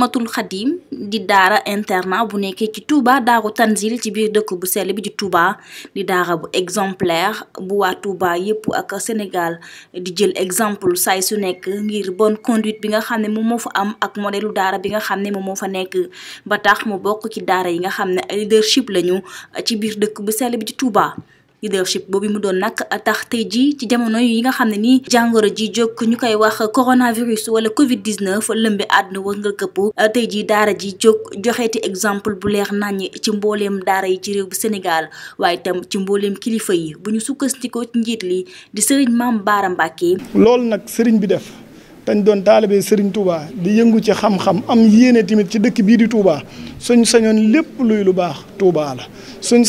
matul xadim di daara internat bu nekkee ci Touba daaru Tanzil ci biir dëkk bu sell bi di Touba di daara bu exemplaire bu waa Touba yépp ak Sénégal di jël exemple saay su nekk ngir bon conduite bi nga xam ne moom moo fa am ak modelu daara bi nga xam ne moom moo fa nekk ba tax mu bokk ci daara yi nga xam ne leadership lañu ci biir dëkk bu sell bi di Touba. leadership boobu mu doon a tax tey jii ci jamono yi nga xam ne ni jàngoro ji jóg ñu koy wax coronavirus wala Covid 19 lëmbi àdduna war nga këpp tey jii daara ji jóg joxeeti exemple bu leer naññ ci mbooleem daara yi ci réew bu Sénégal waaye tam ci mbooleem kilifa yi bu ñu sukk ci njiit li di sëriñ Maam Baara Mbàkke. loolu nag sëriñ bi def. dañ doon taalibee sëriñ Touba di yëngu ci xam-xam am yéene tamit ci dëkk bii di Touba suñ sañoon lépp luy lu baax Touba la suñ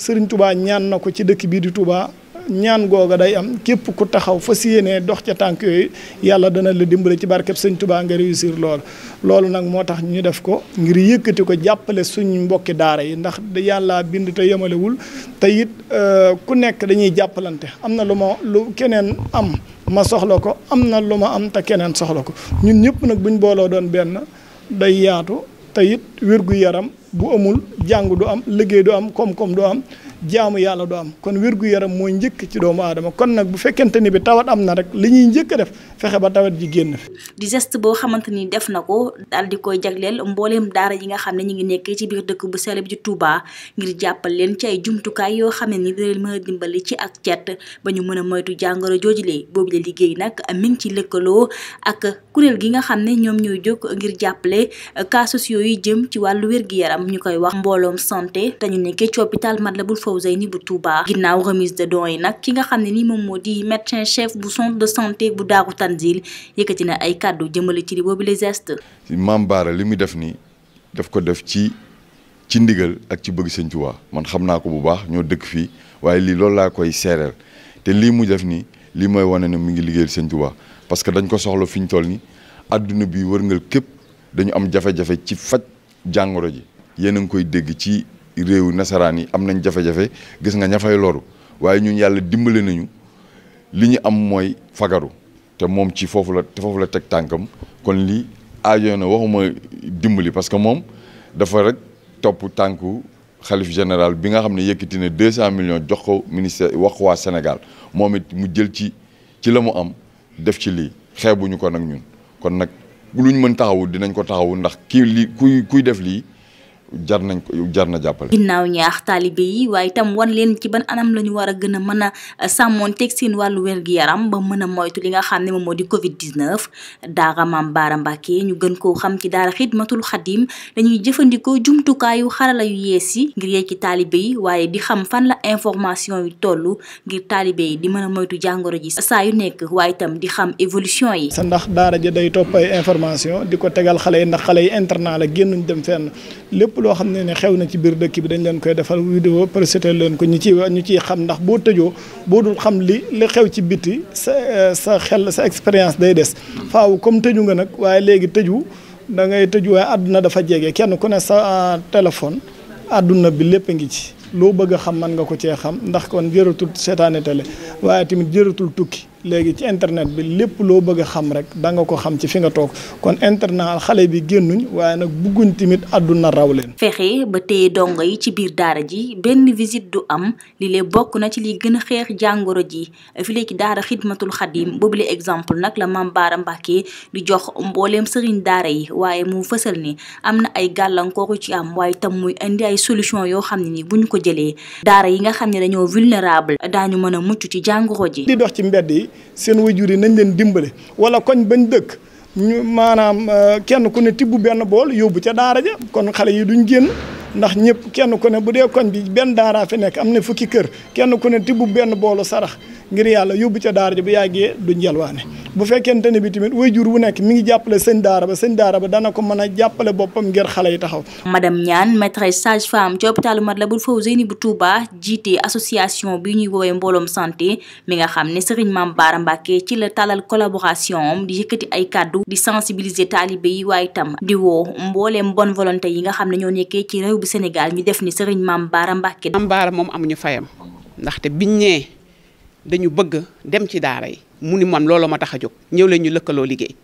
sëriñ Touba ñaan na ko ci dëkk bii di Touba ñaan googa day am képp ku taxaw fas yéenee dox ca tànk yooyu yàlla dana la dimbale ci barkeb sëñ Touba nga réussir lool. loolu nag moo tax ñu def ko ngir yëkkati ko jàppale suñ mbokki daara yi ndax yàlla bind te yemalewul te it euh, ku nekk dañuy jàppalante am na lu ma lu keneen am ma soxla ko am na lu ma am te keneen soxla ko ñun ñëpp nag buñ booloo doon benn day yaatu. te it wér gu yaram bu amul jàng du am liggéey du am koom-koom du am jaamu yàlla du am kon wér-gu-yaram mooy njëkk ci doomu aadama kon nag bu fekkente ni bi tawat am na rek li ñuy njëkk a def fexe ba tawat ji génn fi di geste boo xamante ni def na ko dal di koy jagleel mbooleem daara yi nga xam ne ñu ngi nekk ci biir dëkk bu sell bi ci Touba ngir jàppal leen ci ay jumtukaay yoo xam ne ni dina leen ci ak cet ba ñu mën a moytu jàngoro joojule boobu la liggéey nag mi ngi ci lëkkaloo ak kuréel gi nga xam ne ñoom ñooy jóg ngir jàppale cas sociaux yi jëm ci wàllu wér-gu-yaram ñu koy wax mbooloom santé Fawzeyni bu Touba ginnaaw remise de dons yi nag ki nga xam ne ni moom moo di médecin chef bu centre de santé bu Daaru Tanzil yëkkati na ay kaddu jëmale ci li boobu les gestes. Maam Baara li muy def nii daf ko def ci ci ndigal ak ci bëgg Sëñ Tuubaa man xam naa ko bu baax ñoo dëkk fii waaye lii loolu laa koy seereel te lii mu def nii lii mooy wane ni mu ngi liggéeyal Sëñ Tuubaa parce que dañ ko soxla fi ñu toll nii adduna bi wërngal képp dañu am jafe-jafe ci faj jàngoro ji yéen a ngi koy dégg ci. réewu nasaraan yi am nañ jafe-jafe gis nga ña fay loru waaye ñun yàlla dimbale nañu li ñu am mooy fagaru te moom ci foofu la foofu la teg tànkam kon lii aajo na waxuma dimbali parce que moom dafa rek topp tànku xalif général bi nga xam ne yëkkati ne deux cent million jox ko ministère wax waa Sénégal moom it mu jël ci ci la mu am def ci lii xeebuñu ko nag ñun kon nag luñ mën taxawu dinañ ko taxawu ndax kii lii kuy kuy def lii jar nañ ko jar na jàppale. ginnaaw ñaax taalibe yi waaye itam wan leen ci ban anam la ñu war a gën a mën a euh, sàmmoon teg seen wàllu wér-gu-yaram ba mën a moytu li nga xam ne moom moo di Covid 19. daara Maam Baara Mbàkke ñu gën koo xam ci daara Xidmatul Xadim dañuy jëfandikoo jumtukaayu xarala yu yees yi ngir yegg ci taalibe yi waaye di xam fan la information yu toll ngir taalibe yi di mën a moytu jàngoro ji saa yu nekk waaye itam di xam évolution yi. sa ndax daara ja information di ko tegal xale yi ndax xale yi internat la génnuñ dem fenn lépp loo xam ne ne xew na ci biir dëkk bi dañ leen koy defal vidéo présenté leen ko ñu ciy ñu ciy xam ndax boo tëjoo boo dul xam li li xew ci biti sa sa xel sa expérience day des faaw comme tëju nga nag waaye léegi tëju da ngay tëju waaye àdduna dafa jege kenn ku ne sa ah, téléphone àdduna bi lépp a ngi ci loo bëgg a xam man nga ko cee xam ndax kon jëratul seetaane télé waaye tamit jëratul tukki léegi ci internet bi lépp loo bëgg a xam rek da nga ko xam ci fi nga toog kon internat xale bi génnuñ waaye nag bugguñ tamit àdduna raw leen. fexe ba téye dongo yi ci biir daara ji benn visite du am li lee bokk na ci li gën a xeex jàngoro ji fi léegi daara xidmatul xadim boobule exemple nag la maam Baara Mbàkke di jox mbooleem sëriñ daara yi waaye mu fësal ni am na ay gàllankooru ci am waaye tam muy indi ay solution yoo xam ne ni bu ñu ko jëlee daara yi nga xam ne dañoo vulnérable daañu mën a mucc ci jàngoro ji. di dox ci mbedd yi seen wajur yi nañ leen dimbale wala koñ bañ dëkk ñu maanaam euh, kenn ku ne tibb benn bool yóbbu ca daara ja kon xale yi duñ génn ndax ñëpp kenn ku ne bu dee koñ bi benn daara fi nekk am na fukki kër kenn ku ne tibb benn boolu sarax ngir yàlla yóbbu ca daara ji bu yàggee duñ yalwaane bu fekkente ne bi tamit waajur wu nekk mi ngi jàppale seen daara ba seen daara ba dana ko mën a jàppale boppam ngir xale yi taxaw. madame Niane maîtresse sage femme ci hôpitalu Matlaboul Fawzeyni bu Touba jiite association bi ñuy woowee mbooloom santé mi nga xam ne Serigne Mame Bara Mbacké ci la talal collaboration am di yëkkati ay kàddu di sensibiliser taalibe yi waaye tam di woo mbooleem bon volonté yi nga xam ne ñoo nekkee ci réew bi Sénégal ñu def ni Serigne Mame Bara Mbacké. am baara moom amuñu fayam ndaxte biñ dañu bëgg dem ci daara yi mu ni man looloo ma tax a jóg ñëw leen ñu lëkkaloo liggéey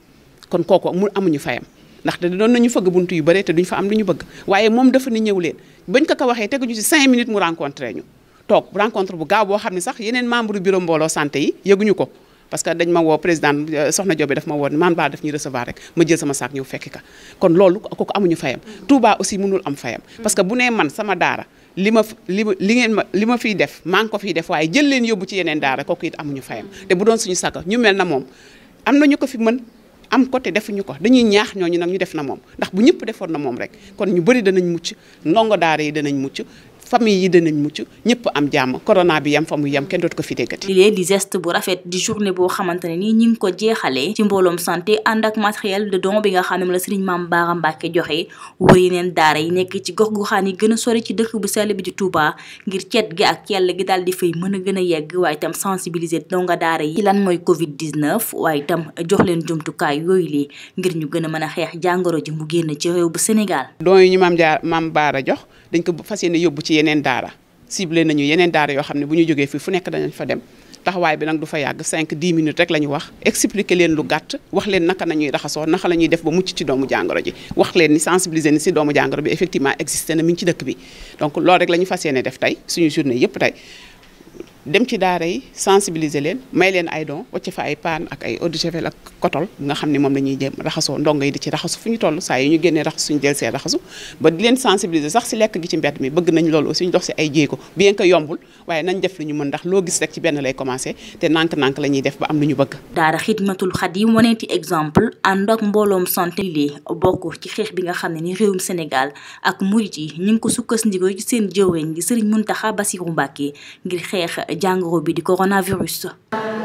kon kooku mu amuñu fayam ndaxte doon nañu fëgg buntu yu bare te duñ fa am lu ñu bëgg waaye moom dafa ni ñëw leen bañ ko ko waxee teguñu ci cinq minutes mu rencontré ñu toog rencontre bu gaaw boo xam ne sax yeneen membre bureau mbooloo santé yi yëguñu ko parce que dañ ma woo président euh, soxna Diobé daf ma woo man ba daf ñuy recevoir rek ma jël sama saak ñëw fekk ka kon loolu kooku amuñu fayam Touba aussi mënul am fayam parce que bu nee man sama daara li ma li li ngeen ma li ma fiy def maa ko fiy def waaye jël leen yóbbu ci yeneen daara kooku it amuñu fayam te bu doon suñu sago ñu mel na moom am na ñu ko fi mën am ko te defuñu ko dañuy ñaax ñooñu nag ñu def na moom ndax bu ñëpp defoon na moom rek kon ñu bëri danañ mucc ndongo daara yi danañ mucc famille yi danañ mucc ñëpp am jàmm corona bi yam fa mu yam kenn dootu ko fi déggati. lii di geste bu rafet di journée boo xamante ne nii ñi ngi ko jeexalee ci mbooloom santé ànd ak matériel de don nga xam ne moom la Serigne Mame Bara Mbacké joxe wër yeneen yi nekk ci gox gu goxaan yi gën a sori ci dëkk bu sell bi di Touba ngir cet gi ak yàlla gi daal di fay mën a gën a yegg waaye itam sensibiliser donga daara yi ci lan mooy Covid 19 waaye itam jox leen jumtukaay yooyu lii ngir ñu gën a mën a xeex jàngoro ji mu génn ci réew bu Sénégal. don yi yeneen daara ciblé nañu yeneen daara yoo xam ne bu ñu jógee fii fu nekk danañ fa dem taxawaay bi nag du fa yàgg 5 10 minutes rek la wax expliquer leen lu gàtt wax leen naka nañuy raxasoo naka la def ba mucc ci doomu jàngoro ji wax leen ni sensibiliser ni si doomu jàngoro bi effectivement existé na mi ngi ci dëkk bi donc loolu rek la ñu fas def tey suñu journée yëpp tey dem ci daara yi sensibiliser leen may leen ay don wacc fa ay paan ak ay eau de javel ak kotol nga xam ne moom la ñuy jëm raxasoo ndongo yi di ci raxasu fu ñu toll saa yi ñu génnee raxasu suñu del see raxasu ba di leen sensibiliser sax si lekk gi ci mbedd mi bëgg nañ loolu aussi ñu dox si ay jéego bien que yombul waaye nañ def lu ñu mën ndax loo gis rek ci benn lay commencé te nànk-nànk la ñuy def ba am lu ñu bëgg daara xidmatul xadim waneeti exemple ànd ak mbooloom santé lii bokk ci xeex bi nga xam ne ni réewum Sénégal ak murit yi ñu ngi ko sukkas ndigo ci seen jëwriñ gi Sëriñ Muntaxa Basiru Mbàkke ngir xeex jàngoro bi di coronavirus.